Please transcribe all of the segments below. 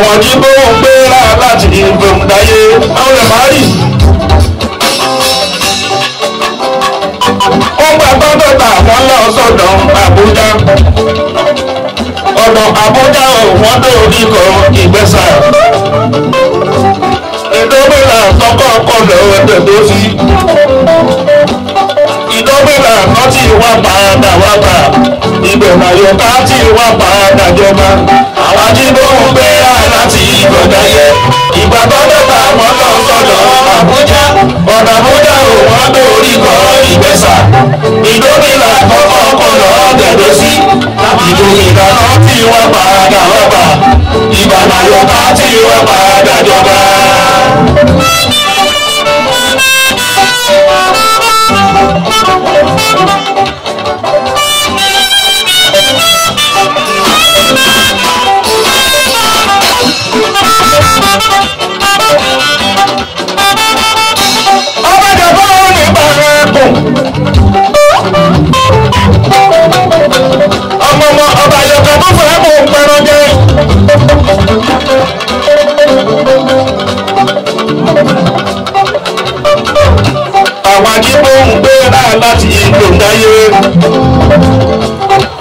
àwọn tí bóun gbéra láti ìbòmù àwọn ẹ̀ máa rì. ó gba gbọ́dọ̀gbà wọn lọ sọ́dọ̀ Àbújá ọ̀dọ̀ Àbújá ò wọ́n tó oníkọ̀ ìgbésà ìdọ́gbẹ̀là tọkọ̀ kọlọ̀ ẹ̀dẹ̀ tó sí ìdọ́gbẹ̀là kan tí wà padà wà bá ibẹ̀ màyọ̀ká tí wà padà jọba àwọn ajínigbọ̀n ìdókè là kọ́kọ́ kọlọ̀ sí ìdókè là tí wọ́n paradà ọba ìbàdàn tí wọ́n paradà jọba. Thank you. láti ipò dáyé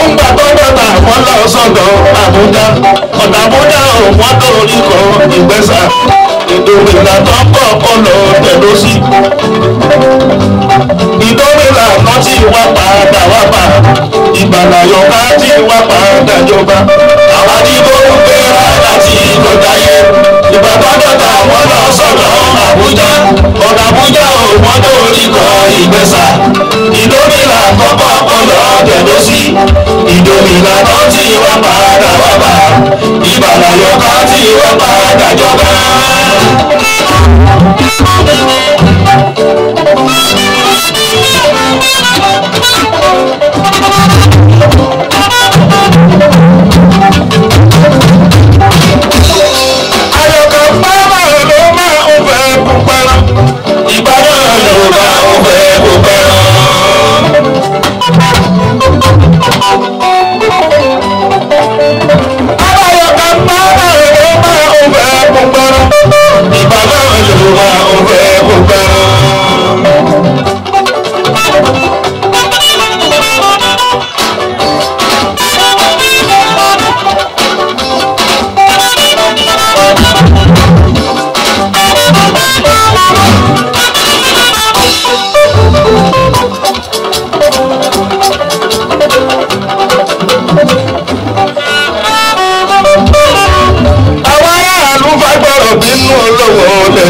ńgbà tó dọ̀tà wọn lọ sọ̀dọ̀ àbújá ọ̀dàbújá wọn lórí kan ìgbésà ìdòmìnà tó ń bọ̀ ọ̀nà tẹ̀lọ́sí ìdómìnà kan tí wá padà wá pa ìbànàyọ̀ ká ti. wá padà jọba àwa ní. adájọba.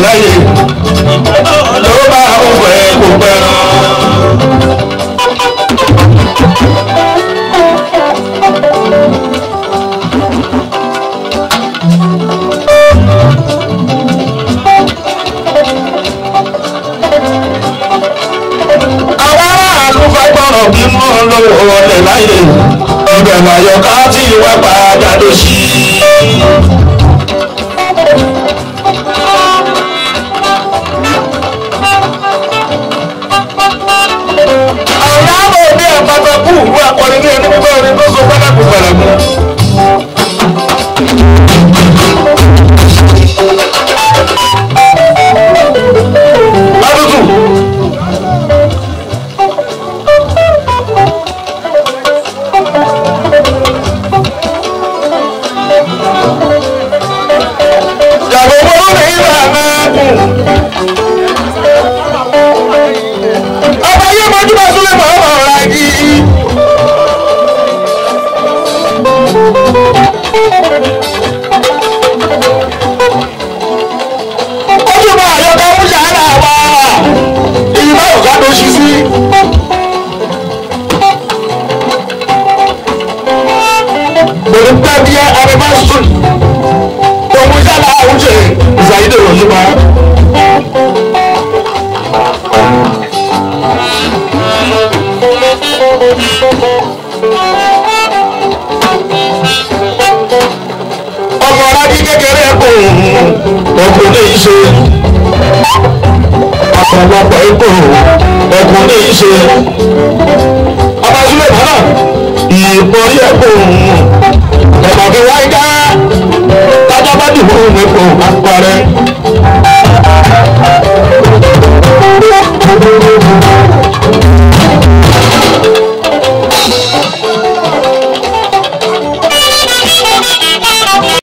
láyé ló bá òwe kò pẹ́. bí mo lówó ọlẹ̀ láyé ọbẹ̀ màyọ̀ká tí wọ́n pa jáde sí i. ọba yìí mọ jùlọ súnlẹ̀ mọ́ ọmọ ọ̀rá yìí. ọkùnrin ṣe